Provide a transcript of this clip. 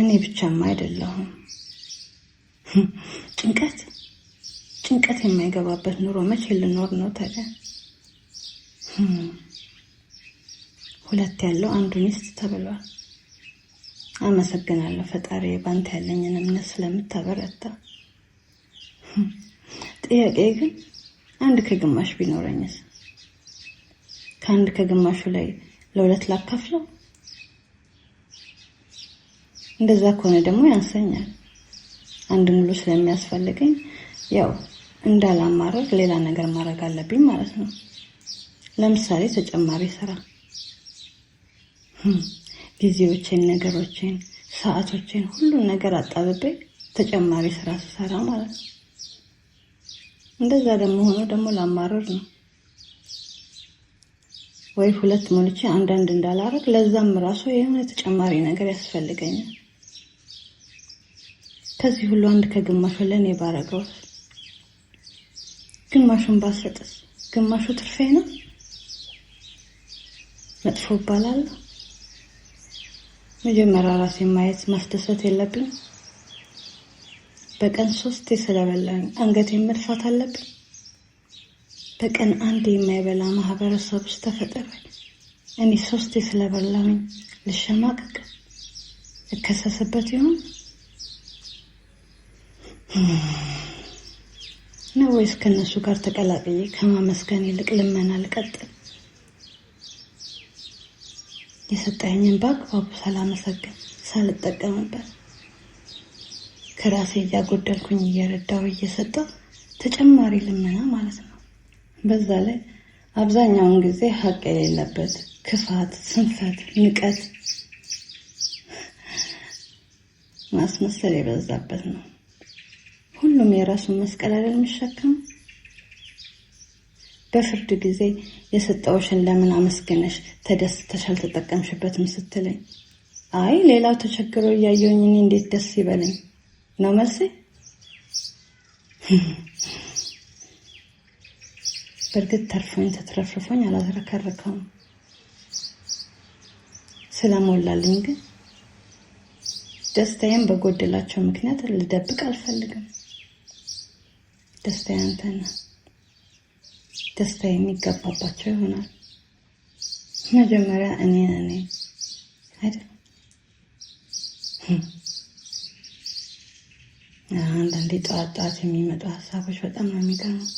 እኔ ብቻም አይደለሁም። ጭንቀት ጭንቀት የማይገባበት ኑሮ መቼ ልኖር ነው ታዲያ? ሁለት ያለው አንዱ ሚስት ተብሏል። አመሰግናለሁ ፈጣሪ ባንተ ያለኝን እምነት ስለምታበረታ። ጥያቄ ግን አንድ ከግማሽ ቢኖረኝስ? ከአንድ ከግማሹ ላይ ለሁለት ላካፍለው? እንደዛ ከሆነ ደግሞ ያንሰኛል። አንድ ሙሉ ስለሚያስፈልገኝ ያው እንዳላማረር ሌላ ነገር ማድረግ አለብኝ ማለት ነው። ለምሳሌ ተጨማሪ ስራ፣ hm ጊዜዎችን፣ ነገሮችን፣ ሰዓቶችን ሁሉን ነገር አጣብቤ ተጨማሪ ስራ ስሰራ ማለት ነው። እንደዛ ደግሞ ሆኖ ደግሞ ላማረር ነው ወይ ሁለት ሞልቼ አንዳንድ እንዳላረግ ለዛም ራሱ የሆነ ተጨማሪ ነገር ያስፈልገኛል። ከዚህ ሁሉ አንድ ከግማሹ ለእኔ ባረገውስ፣ ግማሹን ባሰጥስ፣ ግማሹ ትርፌ ነው። መጥፎ እባላለሁ? መጀመሪያ ራሴን ማየት ማስደሰት የለብኝ? በቀን ሶስት ስለበላኝ አንገት መድፋት አለብኝ? በቀን አንድ የማይበላ ማህበረሰብ ውስጥ ተፈጠረ። እኔ ሶስት ስለበላኝ ልሸማቀቅ እከሰስበት ይሆን? ነው ወይስ ከነሱ ጋር ተቀላቅዬ ከማመስገን ይልቅ ልመና ልቀጥል? የሰጠኝን በአግባቡ ሳላመሰግን ሳልጠቀምበት ከራሴ እያጎደልኩኝ እየረዳው እየሰጠው ተጨማሪ ልመና ማለት ነው። በዛ ላይ አብዛኛውን ጊዜ ሀቅ የሌለበት ክፋት፣ ስንፈት፣ ንቀት፣ ማስመሰል የበዛበት ነው። ሁሉም የራሱን መስቀል አይደል በፍርድ ጊዜ የሰጠውሽን ለምን አመስግነሽ ተደስተሽ አልተጠቀምሽበትም ስትለኝ፣ አይ ሌላው ተቸግሮ እያየሁኝ እኔ እንዴት ደስ ይበለኝ ነው መልሴ። በእርግጥ ተርፎኝ ተትረፍርፎኝ አላዝረከርከውም። ስለሞላልኝ ግን ደስታዬም በጎደላቸው ምክንያት ልደብቅ አልፈልግም። ደስታ ያንተ ነህ። ደስታ የሚገባባቸው ይሆናል። መጀመሪያ እኔ እኔ አይደል አንዳንዴ ጠዋት ጠዋት የሚመጡ ሀሳቦች በጣም ነው የሚቀኑት።